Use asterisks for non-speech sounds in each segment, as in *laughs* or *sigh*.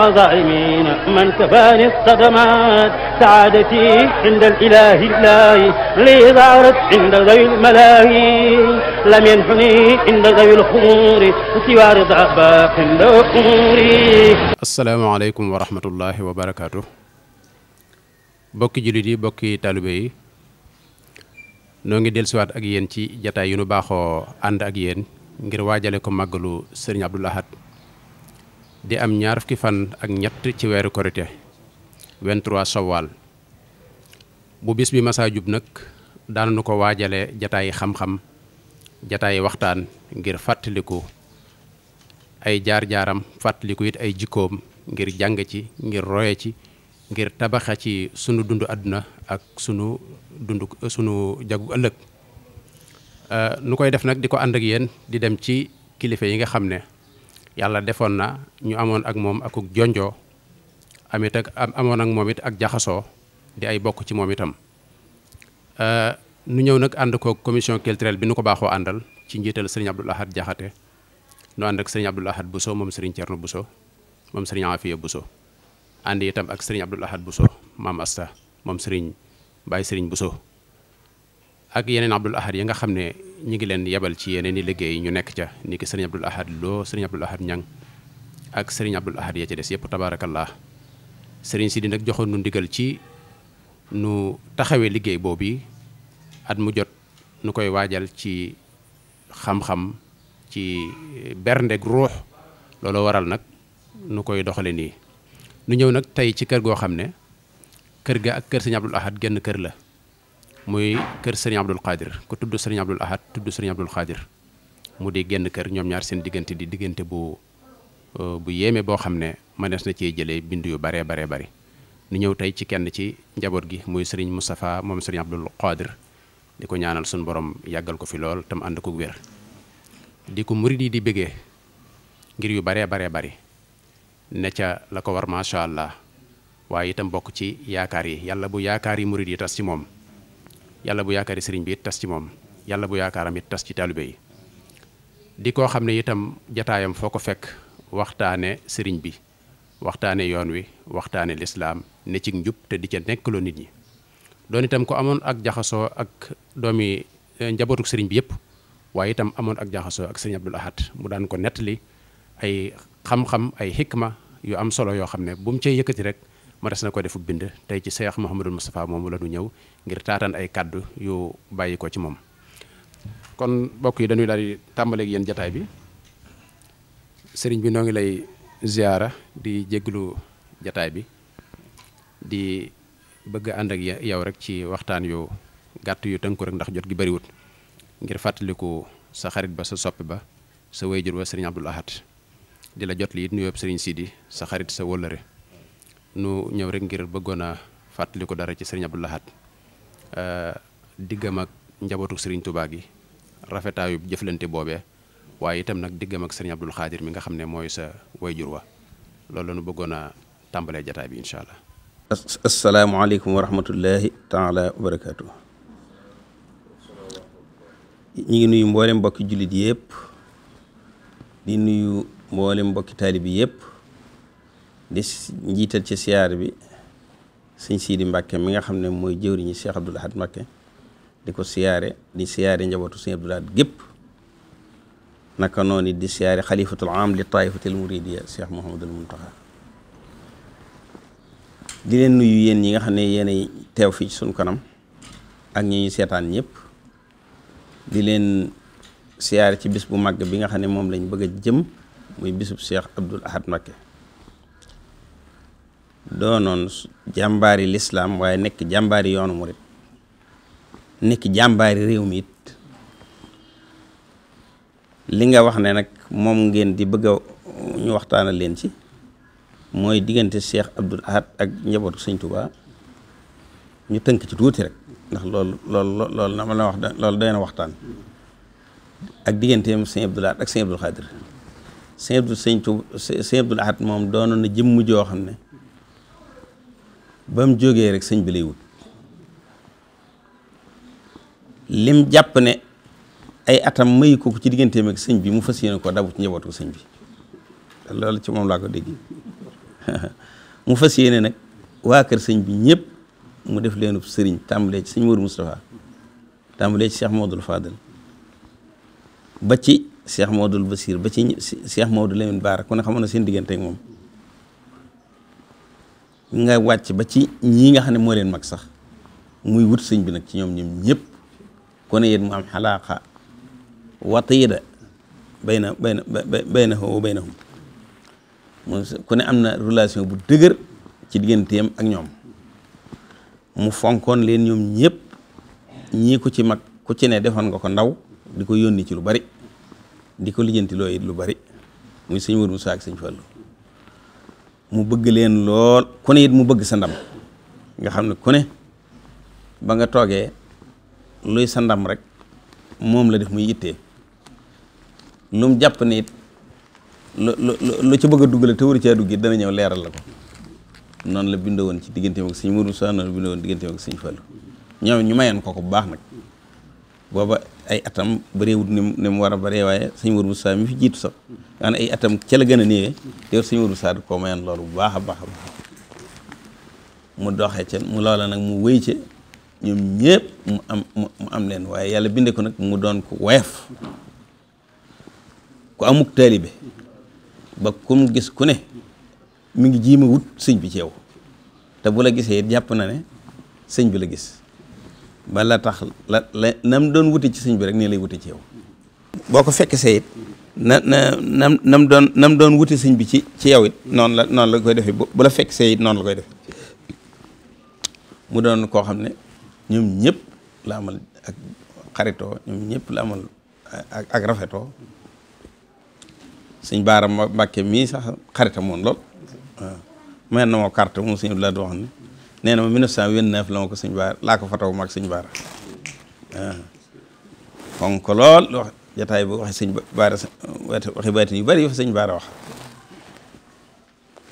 والظالمين من كفاني الصدمات سعادتي عند الإله الله لي ظهرت عند ذوي الملاهي لم ينحني عند ذوي الخمور سوى رضا باق أموري السلام عليكم ورحمة الله وبركاته bokki jullit yi bokki taalibe yi noo ngi dellusiwaat ak yéen ci jataay yu nu baaxoo ànd ak yéen ngir waajale ko màggalu sëriñ Abdoul Ahad di am ñaar fukki fan ak ñett ci weeru korité 23 sawal bu bis bi masaa jub nag daanañu ko waajale jataay xam-xam jataay waxtaan ngir fàttaliku ay jaar-jaaram fàttaliku it ay jikkoom ngir jàng ci ngir roye ci ngir tabaxa ci sunu dund àdduna ak sunu dund sunu jagu ëllëg euh, nu koy def nag di ko ànd yenn di dem ci kilifa yi nga xam ne yàlla defoon na ñu amoon ak moom akuk jonjoo amit ak amoon ak moom it ak jaxasoo di ay bokk ci moom itam euh, nu ñëw nag ànd ko commission culturelle bi nu ko baaxoo àndal ci njiital sëriñ Abdoul Ahad Jaxate nu ànd ak sëriñ Abdoul Ahad Bousso moom sëriñ Thierno Bousso moom sëriñ Afiya Bousso ànd itam ak sëriñ Abdoul Ahad Bousso maam Asta moom sëriñ Baye sëriñ Bousso ak yeneen Abdul Ahad yi nga xam ne ñu ngi leen yebal ci yeneen i liggéey ñu nekk ca ni ki sëriñ Abdul Ahad Lo sëriñ Abdul Ahad Ñang ak sëriñ Abdul Ahad ya ci des yëpp tabaarakallah sëriñ si di nag joxoon nu ndigal ci nu taxawee liggéey boobu at mu jot nu koy waajal ci xam-xam ci berndeg ruux loolu waral nag nu koy doxale nii nu ñëw nag tey ci kër goo xam ne kër ga ak kër sëñ Abdul Ahad genn kër la muy kër sëriñ Abdul Xaadir ku tudd sëriñ Abdul tudd sëriñ Abdul Xaadir mu di genn kër ñoom ñaar seen diggante di diggante bu euh, bu yéeme boo xam ne mënees na cee jëlee bind yu baree baree bari nu ñëw tey ci kenn ci njaboot gi muy sëriñ Moustapha moom sëriñ Abdul Xaadir di ko ñaanal suñ borom yàggal ko fi lool tam ànd ko wér di ko murid yi di bëggee ngir yu baree baree bari ne ca la ko war macha allah waaye itam bokk ci yaakaar yi yàlla bu yaakaar yi murid yi tas ci moom. yàlla bu yaakaari sëriñ bi it tas ci moom yàlla bu yaakaaram it tas ci taalibe yi di koo xam ne itam jataayam foo ko fekk waxtaane sëriñ bi waxtaane yoon wi waxtaane lislaam ne ci njub te di ca nekkaloo nit ñi doon itam ko amoon ak jaxasoo ak doomi eh, njabootuk sëriñ bi yëpp waaye itam amoon ak jaxasoo ak sëriñ Abdul Ahad mu daan ko nettali ay xam-xam ay xikma yu am solo yoo xam ne bu mu cee yëkkati rek matas na ko defu bind tey ci Cheikh Mouhamadul Moustapha moom la du ñëw ngir taataan ay kàddu yu bàyyi ko ci moom kon mbokk yi dañuy daal di tàmbaleeg yéen jataay bi sëriñ bi noo ngi lay ziyaara di jéglu jataay bi di bëgg ànd ak yow rek ci waxtaan yu gàtt yu tënku rek ndax jot gi bariwut ngir fàttaliku sa xarit ba sa soppi ba sa wayjur wa sëriñ Abdul Ahad di la jot li it nuyoo sëriñ Sidi sa xarit sa wóllëre nu ñëw rek ngir bëggoon a fàttali ko dara ci sëriñ Abdou Lahad euh, diggam ak njabootu sëriñ Touba gi rafetaayu jëflante boobe waaye itam nag diggam ak sëriñ Abdul Xaadir mi nga xam ne mooy sa jur wa loolu la nu bëggoon a tàmbalee jataay bi incha allah. asalaamaaleykum wa rahmatullahi taala wa barakaatu. ñu ngi nuyu mboole mbokki jullit yëpp di nuyu mboolem mbokki taalibi yëpp. di njiital ci siyaar bi sëñ Sidi Mbacke mi nga xam ne mooy jëwriñu Cheikh Abdoul Ahad Mbacke di ko siyaare di siyaare njabootu sëñ Abdoul Ahad gépp naka noonu di siyaare xalifatul am li taifatil muridiya Cheikh Mouhamadul Mountakha di leen nuyu yéen ñi nga xam ne yéenay teew fii ci sunu kanam ak ñi ñu seetaan ñëpp di leen siyaare ci bis bu màgg bi nga xam ne moom lañ bëgg jëm muy bisu Cheikh Abdoul Ahad Mbacke doonoon jàmbaari lislaam waaye nekk jàmbaari yoonu murit nekk jàmbaari réew mi it li nga wax ne nag moom ngeen di bëgg ñu waxtaana leen ci mooy diggante Cheikh Abdoul Ahad ak njabootu Sëñ ñu tënk ci tuuti rek ndax loolu loolu loolu na la wax loolu doy na waxtaan ak diggante Sëñ Abdoul Ahad ak Sëñ Abdoul Xaadir Sëñ Abdoul Sëñ Touba moom doonoon na jëmm joo xam ne ba mu jógee rek sëñ bi lay wut lim jàpp ne ay atam mayu ko ci digganteem ak sëñ bi mu fas yéene ko dabu ci njabootu ko sëñ bi loolu ci moom laa ko dégg *laughs* mu fas yéene nag waa kër sëñ bi ñëpp mu def leenu sëriñ tàmbalee ci sëñ Mourou Moustapha tàmbalee ci Cheikh Modou Fadel ba ci Cheikh Modou Basir ba ci Cheikh Modou Lamine Bara ku ne xamoon na seen diggante moom nga wàcc ba ci ñii nga xam ne moo leen mag sax muy wut sëñ bi nag ci ñoom ñoom ñëpp kon yéen mu am xalaaqa watiida bayna bayna baynahu wa baynahum ku ne am na relation bu dëgër ci digganteem ak ñoom mu fonkoon leen ñoom ñëpp ñii ku ci mag ku ci ne defoon nga ko ndaw di ko yónni ci lu bari di ko lijjanti loo lu bari muy sëñ Wër Musaa ak sëñ Fallu mu bëgg leen lool ku ne it mu bëgg sa ndam nga xam ne ku ne ba nga toogee luy sa ndam rek moom la def muy ittee lu mu jàpp ne it lu lu lu ci bëgg a dugg la te waru caa dugg it dana ñëw leeral la ko noonu la bindoo woon ci digganteem ak sëñ Mourou Moussa noonu la woon digganteem ak sëñ Fallou ñu mayoon ko ko bu baax nag booba ay atam bareewut ni ni mu war a baree waaye sëñ Mourou Moussa mi fi jiitu sax nga ay atam ca la gën a néewee yow sëñ Mourou Moussa koo mayoon bu baax a mu doxee ca mu nag mu wéy ca ñoom ñëpp am mu waaye yàlla bindee ko nag mu doon ko woyof ku amuk taalibe ba kum gis ku ne mi ngi jiima wut sëñ bi ci te bu la gisee jàpp na ne sëñ bi la gis ba la tax la nam doon wuti ci sëñ bi rek nii lay wuti ci yow. boo ko fekk see na na nam nam doon nam doon wuti sëñ bi ci ci yow it noonu la noonu la koy defee bu la fekk see it noonu la koy defee mu doon koo xam ne ñoom ñëpp la amal ak xaritoo ñoom ñëpp la amal ak ak rafetoo sëñ baaram Mbàkke mii sax xaritam moon lool waaw mel na moo carte moom sëñ Abdoulaye wax ne nee na ma 1929 la ma ko sëñ baar laa ko fataw mag sëñ baar waaw ah. kon ko lool wax jataay bu waxi sëñ baara waxi baatin yu bari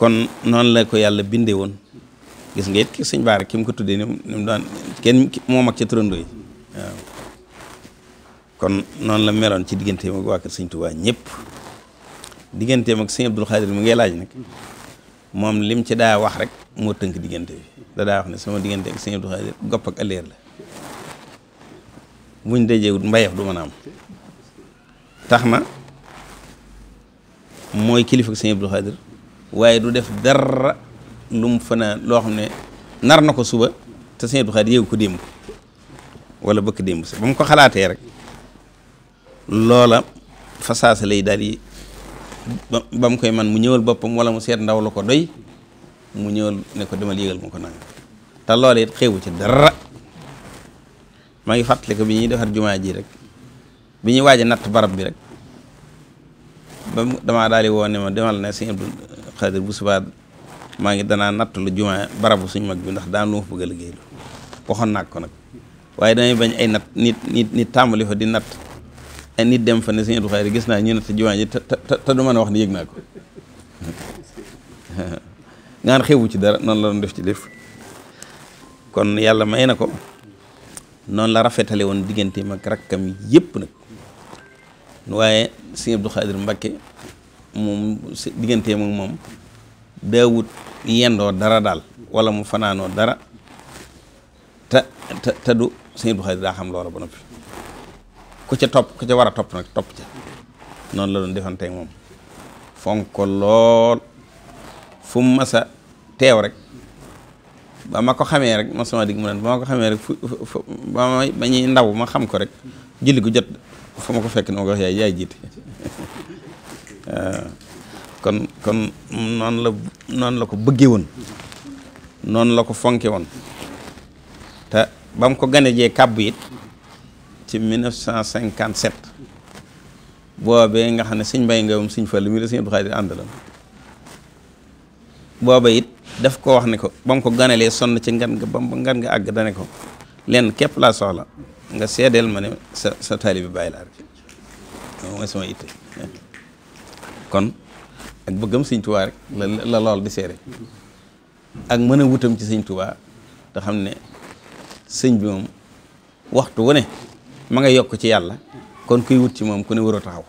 kon noonu la ko yàlla bindee woon gis nga it ki sëñ baara ki mu ko tuddee ni mu daan kenn moo mag ca turando kon noonu la meloon ci digganteem ak waa kër sëñ Tuubaa ñëpp digganteem ak sëñ Abdul Xaadir mi ngay laaj nag moom lim ci daa wax rek moo tënk diggante bi da daa wax ne sama diggante ak sëñ Abdou Khadir gopp ak alléer la muñ dajeewut mbayeef du mën a am tax na mooy kilifa ak sëñ Abdou waaye du def dara lu mu loo xam ne nar na ko suba te sëñ Abdou Khadir yéegu ko démb wala bëkk démb si ba mu ko xalaatee rek loola fasaasa lay daal yi ba mu koy man mu ñëwal boppam wala mu seet ndaw la ko doy mu ñëwal ne ko demal yëgal ma ko nanga te loola it xewu ci dara maa ngi fàttali ko bi ñuy defar jumaa ji rek bi ñuy waaje a natt barab bi rek ba mu damaa daal di woo ne ma demal na sëñ Abdou bu subaa ngi danaa natt lu barabu suñ mag bi ndax daan naa ko nag waaye damay bañ ay natt nit nit nit tàmbali fa di natt ay nit dem fa ne sëñ Abdou gis naa ñu natt jumaa ji te du mën a wax ni yëg naa ko *laughs* ngaan xewu ci dara noonu la doon def ci def kon yàlla may na ko noonu la rafetale woon diggante mag rakkam yëpp nag waaye sëñ Abdou Khadir Mbakke moom diggante mag moom daawut yendoo dara daal wala mu fanaanoo dara te te te du sëñ Abdou Khadir daa xam loola ba noppi ku ca topp ku ca war a topp nag topp ca noonu la doon defante moom fonk lool fu masa teew rek ba ma ko xamee rek ma sama digg mu naan ba ma ko xamee rek fu ba ma ba ñuy ndaw ma xam ko rek julli ko jot fu ma ko fekk na ma ko wax yaay yaay jiite *laughs* la ko bëggee noonu la ko fonke woon te ba mu ko gane jee kàbb it ci 1957 boobee nga xam ne sëñ Mbay Ngawam sëñ Fallu mi la sëñ Abdu Xaadir àndaloon booba it def ko wax ne ko ba mu ko ganalee sonn ci ngan nga ba ngan nga àgg dana ko lenn képp laa soxla nga seedeel ma ne sa sa taalibi bàyyi laa ak bëggam sëñ rek la lool di seere ak mën a wutam ci sëñ tubaa te xam ne sëñ bi moom waxtu wu ne ma nga yokk ci yàlla kon kuy wut ci moom ku ne war taxaw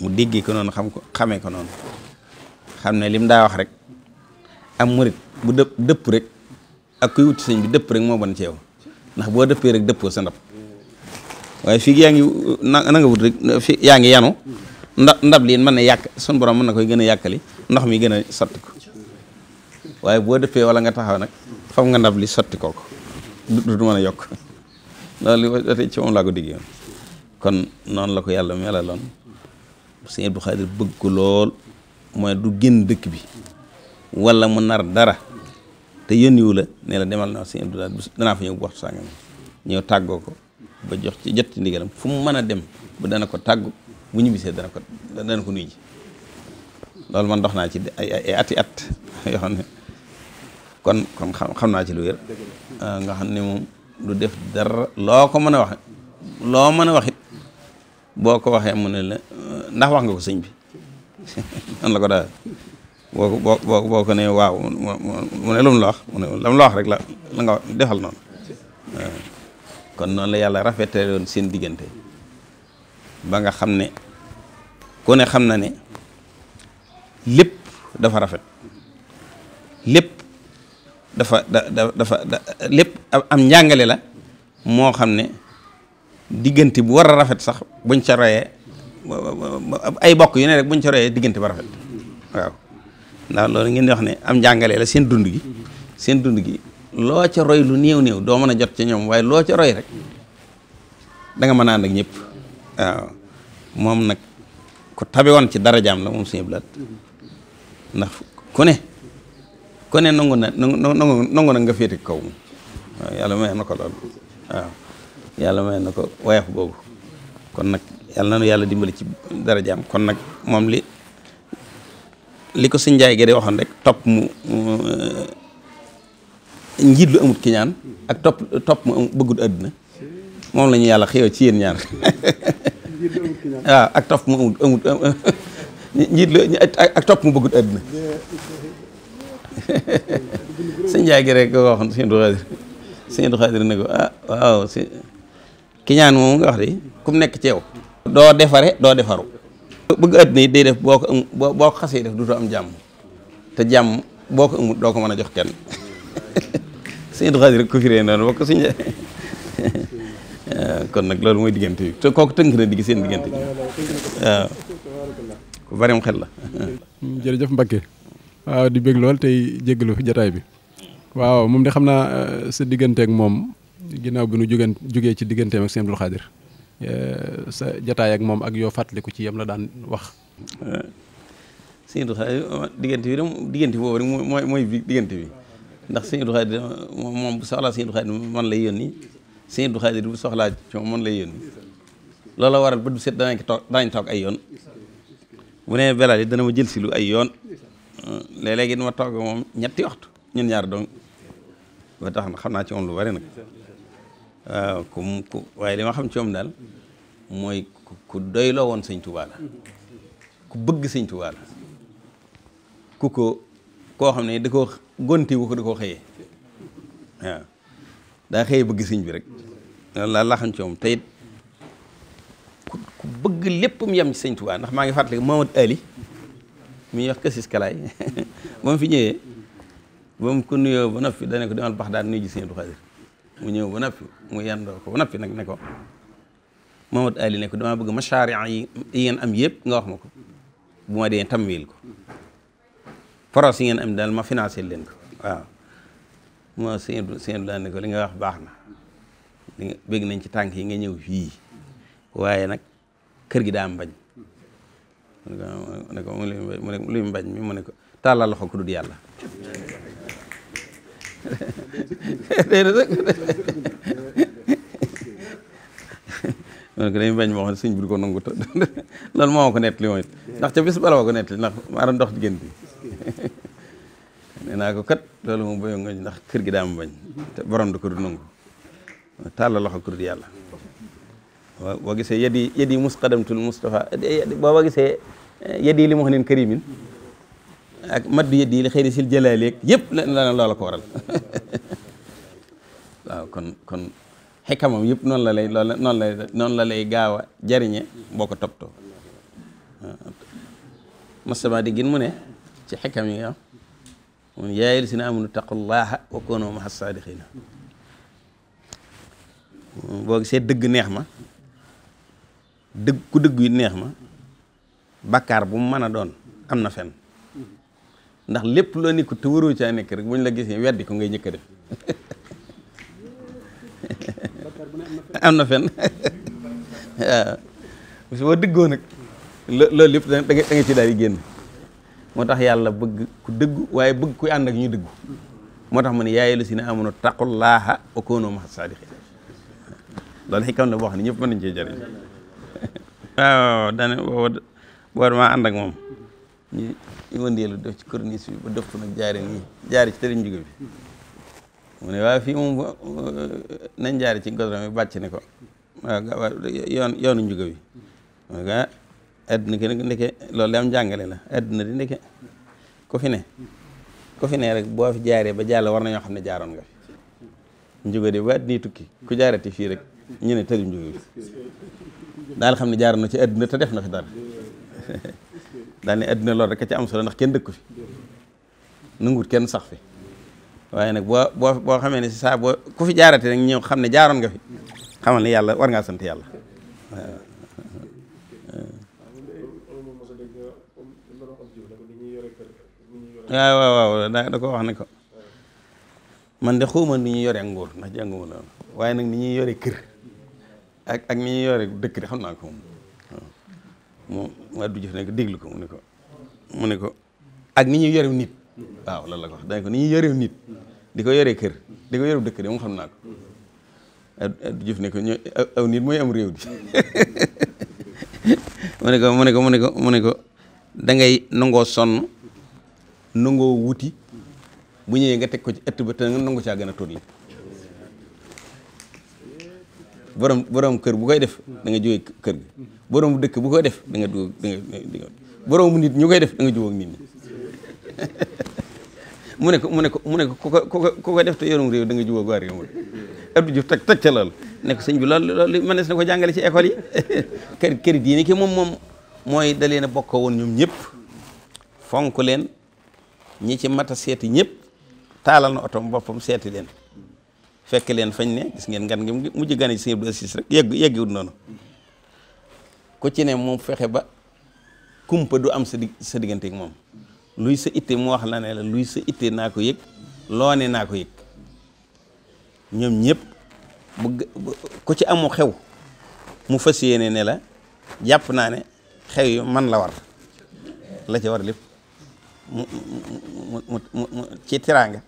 mu déggee ko noonu xam ko xamee ko noonu xam ne lim daa wax rek am murit bu dëpp dëpp rek ak kuy wuti sëñ bi dëpp rek moo bon ci yow ndax boo dëppee rek dëppoo sa ndab waaye fii yaa ngi na nga wut rek yaa ngi yanu nda ndab lii mën na yàq sun borom mën na koy gën a yàqali ndox mi gën a sotti ko waaye boo dëppee wala nga taxaw nag fam nga ndab li sotti kooku du du mën a yokk loolu li ci ko diggee woon kon noonu la ko yàlla melaloon Sëñ Abdou Khadre bëgg ko lool mooy du génn dëkk bi wala mu nar dara te yónniwu la nee la demal na sëñ Abdoulaye danaa fa ñëw bu waxtu sàngam ñëw tàggoo ko ba jox ci jot ci ndigalam fu mu mën a dem bu dana ko tàggu bu ñibbisee dana ko dana ko nuyu ji loolu man dox naa ci ay ati at *laughs* yoo kon kon xam naa ci lu wér euh, nga xam ne mu du def dara loo ko mën a wax loo mën a wax it boo ko waxee mu ne la euh, ndax wax nga ko sëñ bi *laughs* noonu la ko daal boo ko boo boo ko nee waaw mu ne lu mu la wax mu ne la mu rek la la nga defal noonu kon noonu la yàlla rafetale woon seen diggante ba nga xam ne ku ne xam na ne lépp dafa rafet lépp dafa da dafa lépp am njàngale la moo xam ne diggante bu war a rafet sax buñ ca royee ay bokk yu ne rek buñ ca royee diggante ba rafet waaw ndax loolu ngeen di wax ne am njàngale la seen dund gi seen dund gi loo ca roy lu néew néew doo mën a jot ci ñoom waaye loo ca roy rek danga nga mën a ànd moom nag ku tabe woon ci darajaam la moom suñu blaat ndax ku ne ku ne na nga féete kaw moom waaw yàlla may na ko lool waaw yàlla may na ko woyof boobu kon nag yàlla na nu dimbali ci darajaam kon nag moom li li ko sëñ Njaay gi de waxoon rek topp mu eh, njiit lu amut ki ñaan ak topp topp mu am bëggul àddina moom la ñu yàlla xëyoo ci yéen ñaar waaw ak topp mu amut amut njiit lu ak topp mu bëggul àddina sëñ Njaay gi rek ko waxoon sëñ Abdou Xaadir sëñ Abdou Xaadir ne ko ah waaw si ki ñaan moom nga wax de ku mu nekk ci yow doo defare doo defaru bëgg àddina it day def boo ko am boo ko xasee def duto am jàmm te jàmm boo ko amul doo ko mën a jox kenn *laughs* sëñ Abdou Khadre rek ko firee noonu bokk suñu *laughs* kon nag loolu mooy diggante bi te kooku tënk na diggi seen diggante bi waaw ku xel la *laughs* jërëjëf Mbacke di bëgg tey jéggalu jataay bi waaw moom de xam naa euh, sa digganteek moom ginnaaw bi nu jógeen jógee ci digganteem ak sëñ Abdou Khadre Euh, sa jataay ak moom ak yoo fàttaliku ci yam la daan wax. Euh, sëñ Abdou Khadre diggante bi moom diggante boobu rek mooy mooy diggante bi ndax sëñ Abdou Khadre moom bu soxlaa sëñ Abdou Khadre man lay yónni sëñ Abdou Khadre bu soxlaa ci moom man lay yónni loolu la waral bët bu set danañ toog danañ toog ay yoon bu nee belaal yi dana ma jël si lu ay yoon euh, léeg-léeg it ma toog moom ñetti waxtu ñun ñaar dong ba tax na xam naa ci moom lu bari nag. ku ku waaye li ma xam ci moom daal mooy ku doyloo woon sëñ Tuubaa ku bëgg sëñ Tuubaa ku ko koo xam ne da koo gontiwu ko da koo xëyee waaw daa xëyee bëgg sëñ bi rek loolu laa xam ci moom te it ku bëgg lépp mu yem ci sëñ Tuubaa ndax maa ngi fàttali Mamadou Ali mi ñuy wax kësis kalaay *laughs* ba fi ñëwee ba mu ko nuyoo ba noppi dane ko demal bax daal nuyu ji sëñ Abdou Khadir mu ñëw ba noppi mu yendoo ko ba noppi nag ne ko Mamadou Ali ne ko damaa bëgg ma yi yi ngeen am yëpp nga wax ma ko bu ma dee tamwil ko foros yi ngeen am daal ma financé leen ko waaw mo sëñ li nga wax baax na li bëgg nañ ci tànk yi nga ñëw fii waaye nag kër gi daa mbañ mu ne ko mu ne ko luy mbañ mi mu ne ko tàllal loxo ku dul yàlla day na rek ko dañuy bañ ma wax ne sëñ bi du ko nangu te *laughs* loolu moo ma ko nettali moom it ndax ca bis ma ko nettali ndax maa doon dox jigéen bi naa ko kat loolu moom bayo nga ndax kër gi daam ma te borom du ko du nangu tàlla loxo kur yàlla boo gisee yadi yadi musqadamtul Mustafa boo boo gisee eh, yadi li mu wax neen karimin ak maddu yëdd yii li xëy na sil jëlaale yeeg yëpp la loola ko waral *laughs* waaw kon kon xekkamam yëpp noonu la lay noonu la noonu la lay gaaw a jariñe boo ko toppatoo masaba di gin mu ne ci xekkam yi nga ah, mun yaayil si na amunu taqullaha wa kunu ma'a saadiqina boo gisee dëgg neex ma dëgg ku dëgg yi neex ma bakkaar bu mu mën a doon am na fen ndax lépp loo nekk te waroo caa nekk rek buñ la gisee weddi ko ngay njëkk a def am na fen waaw su boo dëggoo nag loolu lépp da nga ci daal di génn moo tax yàlla bëgg ku dëggu waaye bëgg ku ànd ak ñu dëggu moo tax mu ne yaay lu si ne amoon taqullaaha wa koonoo ma saadiqin loolu xikam la boo xam ne ñëpp mën nañ cee jëriñ waaw daane boobu war maa moom ñu wëndeelu def ci corniche bi ba dëpp nag jaare nii jaare ci tëriñ jóge bi mu ne waaye fii moom nañ jaare ci godron bi bàcc ne ko waaw yoonu njuga bi mu ne adduna ah, ki nag ndeke loolu am jàngale la adduna di ndeke ku fi ku fi rek boo fi jaaree ba jàll war nañoo xam ne jaaroon nga fi njuga di ba adduna tukki ku jaarati fii rek ñu ne tëriñ daal xam ne jaaroon na ci adduna te def na fi dara *laughs* daal ne àddina loolu rek a am solo ndax kenn dëkku fi nanguwut kenn sax fi waaye nag boo boo boo xamee ne si saa boo ku fi jaarate nag ñëw xam ne jaaroon nga fi xamal yàlla war ngaa sant yàlla waaw waaw waaw waaw da ko wax ne ko man de xawma ni ñuy yore nguur ndax jànguma loolu waaye nag ni ñuy yore kër ak ak ni ñuy yore dëkk de xam naa ko moom Abdou jëf ne ko déglu ko mu ne ko mu ne ko ak ni ñuy yorew nit waaw loolu la ko ni ñuy yorew nit di ko yoree kër di ko yorew dëkk de moom xam naa ko Abdou Diouf ne ko ñoo aw nit mooy am réew di *laughs* mu ne ko mu ne ko mu ne mu ne ko da nangoo sonn nangoo wuti bu ñëwee nga teg ko ci ëtt ba te nga nangu caa gën a tóol borom borom kër bu koy def dangay nga jógee kër borom dëkk bu ko def da nga dugg da nga borom nit ñu koy def da nga jubóog nit ñi *laughs* mu ne ko mu ne ko mu ne ko ku ko ku ko def te yorum réew da nga jubóog waa réew mi Abdou Diouf tag tag ca loolu ne ko sëñ bi loolu loolu mënees na ko jàngale ci école yi *laughs* kër kër diine ki moom moom mooy da leen a bokkoo woon ñoom ñëpp fonk leen ñi ci mat a seeti ñëpp taalal na otom boppam seeti leen fekk leen fañ ne gis ngeen ngan ngi mujj gane ci sëñ Abdou Assis rek yegg yeggiwut noonu ku ci ne moom fexe ba kumpa du am sa dig sa digganteeg moom luy sa itte mu wax la ne la luy sa itte naa ko yëg loo ne naa ko yëg ñoom ñëpp bu ku ci amu xew mu fas yéene ne la jàpp naa ne xew yi man la war la ca war lépp mu mu mu mu ci teraanga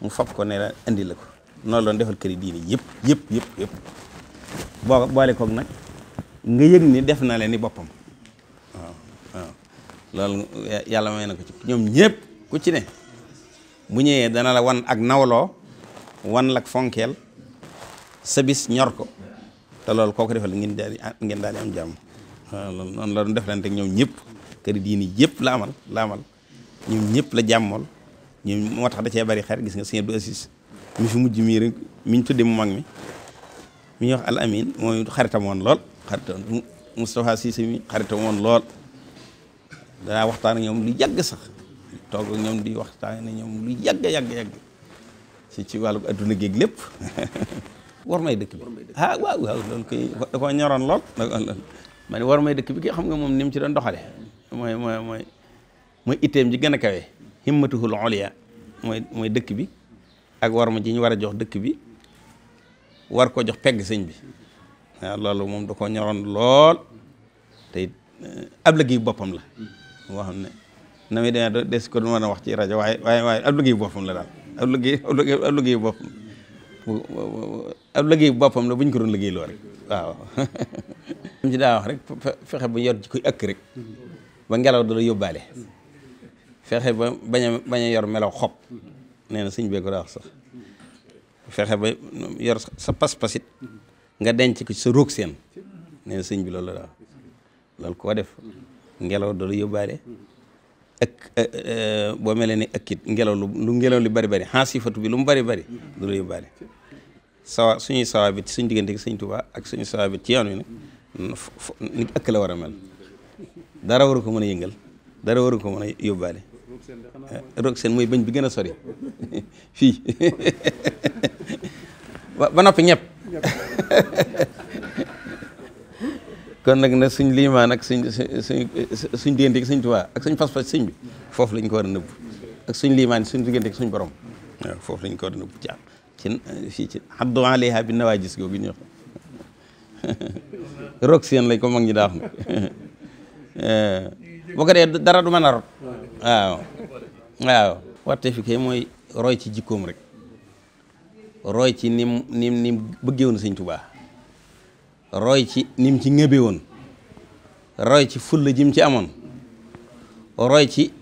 mu fab ko ne la indi la ko noonu loon defal këri diini yëpp yëpp yëpp yëpp boo boole koog nag nga yëg ni def na leen boppam waaw yàlla may na ko ci ñoom ñépp ku ci ne mu ñëwee dana la wan ak nawloo wan lak fonkeel sa ñor ko te loolu koo ko defal ngeen daal di ngeen daal di am jàmm waaw loolu noonu la doon deflante ak ñoom ñëpp kër diini yëpp la amal la amal ñoom ñëpp la jàmmool ñoom moo tax da cee bari xer gis nga sëñ Abdou Assis mi fi mujj mii rek mi ñu tuddee mu mag mi mi ñuy wax al amin mooy xaritamoon lool xaritam Moustapha Cissé mi xaritam woon lool danaa waxtaan ak ñoom lu yàgg sax toog ñoom di waxtaan ak ñoom yàgg ci ci wàllu adduna géeg lépp *laughs* war may dëkk bi ah waaw waaw loolu ñoroon lool ma ne war may dëkk bi ki xam nga moom ni ci doon doxale mooy mooy mooy mooy itteem ji gën a kawe himmatuhul oliya mooy mooy dëkk bi ak war ma ji ñu war a jox dëkk bi war ko jox pegg sëñ bi waaw loolu moom da ko ñoroon lool te eh, ab liggéey boppam la moo mm. xam ne na muy demee des ko du mën a wax ci rajo waaye waaye waaye ab liggéey boppam la daal ab liggéey ab liggéey boppam ab liggéey boppam la bu ko doon liggéey loo rek waaw *laughs* mu ci daa wax rek fexe ba yor ji koy ëkk rek ba ngelaw da la yóbbaale fexe ba bañ a yor melaw xob mm. neena na suñ bee ko daa wax sax fexe ba yor sa pas-pasit mm. nga denc ko sa róog seen nee bi loolu la loolu koo def ngelaw doo yóbbaale ak boo mel ni ak ngelaw lu ngelaw li bari bari xaasifatu bi lu mu bari bari du la yóbbaale sawa suñuy sawaabit suñ diggante ak sëñ ak suñu sawaabit ci yoon wi nag nit ëkk la war a mel dara waru ko mën a yëngal dara waru ko mën a yóbbaale roog mooy bañ bi gën a sori *laughs* fii *laughs* ba noppi ñëpp *laughs* kon nag na suñ liimaan ak suñ suñ suñ diggante ak suñ Tuubaa ak suñ pas sëñ bi foof lañ ko war a ak suñ liimaan suñ diggante suñ borom waaw foofu lañ ko war a nëbb ci ci fii ci xaddu alayha bi nawaajis googu ñu wax *laughs* lañ ko mag ñi daa wax *laughs* boo ko dee dara du mën rot waaw fi kay mooy roy ci jikkoom rek roy ci nim nim nim bëggee woon sëñ tubaa roy ci nim ci ngëbe woon roy ci fulla jim ci amoon roy ci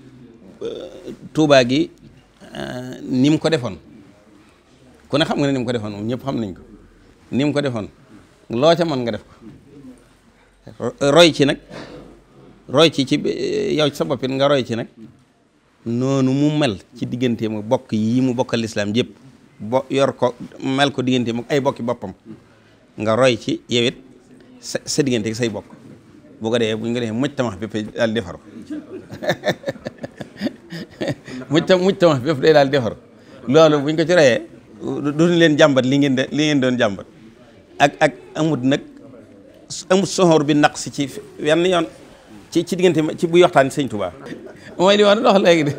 euh, tuubaa gi euh, ni ko defoon ku ne xam nga ne ko defoon moom ñëpp xam nañ ko ni mu ko defoon loo ca mën nga def ko roy ci nag roy ci ci euh, yow ci sa boppit nga roy ci nag noonu mu mel ci digganteem bokk yi mu bokkal lislam jëpp bo yor ko mel ko diggante mu ay bokki boppam nga roy ci yewit sa sa diggante say bokk bu ko defee bu ñu ko defee mucc tamax bépp daal defaru *laughs* mucc mucc tamax bépp day daal defaru loolu bu ko ci royee leen jàmbat li ngeen li ngeen doon jàmbat ak ak amut nag amut soxor bi naq si ci wenn yoon ci ci diggante ci buy waxtaan sëñ Tuubaa *laughs* mooy li ma doon wax léegi de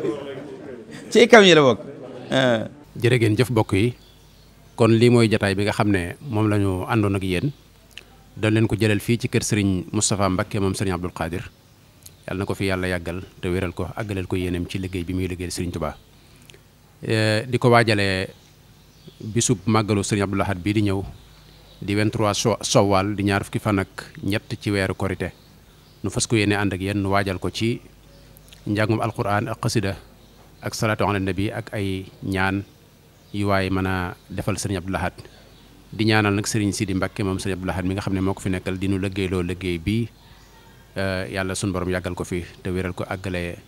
*laughs* ci kaw ñi la jërë ngeen jëf mbokk yi kon lii mooy jataay bi nga xam ne moom la àndoon ak yéen doon leen ko jëlal fii ci kër sëriñ Moustapha Mbacké moom sëriñ Abdoul Khadir yàlla na ko fi yàlla yàggal te wéral ko àggaleel ko yéenam ci liggéey bi muy liggéey sëriñ Touba eh, di ko waajalee bisub màggalu sëriñ Abdoul Ahad bii di ñëw di 23 sowal di ñaar fukki fan ak ñett ci weeru korite nu fas ko yéene ànd ak yenn nu waajal ko ci njàngum alquran ak xasida ak salaatu ak ay ñaan yu waaye mën a defal sëriñ Abdou Lahad di ñaanal nag sëriñ Sidi Mbacke moom sëriñ Abdou Lahad mi nga xam ne moo ko fi nekkal di nu liggéey loo liggéey bii euh, yàlla sunu borom yàggal ko fi te wéral ko àggale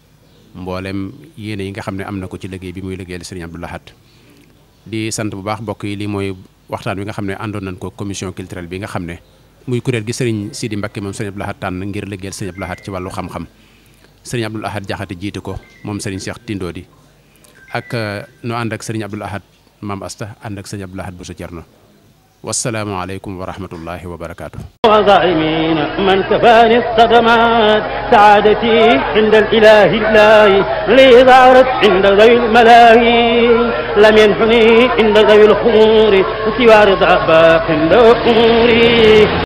mboolem yéene yi nga xam ne am na ko ci liggéey bi muy liggéeyal sëriñ Abdou Lahad di sant bu baax mbokk yi lii mooy waxtaan wi nga xam ne àndoon nañ ko commission culturelle bi nga xam ne muy kuréel gi sëriñ Sidi Mbacke moom sëriñ Abdou Lahad tànn ngir liggéeyal sëriñ Abdou Lahad ci wàllu xam-xam sëriñ Abdou jaxate jiite ko moom sëriñ tindoo di ak nu ànd ak sëriñ Abdul Ahad maam Asta ànd ak sëriñ Abdul Ahad bu sa Cerno والسلام عليكم ورحمة الله وبركاته وظالمين من كفاني الصدمات سعادتي عند الإله الله لي ظهرت عند ذوي الملاهي لم ينحني عند ذوي الخمور سوى رضا باق عند أموري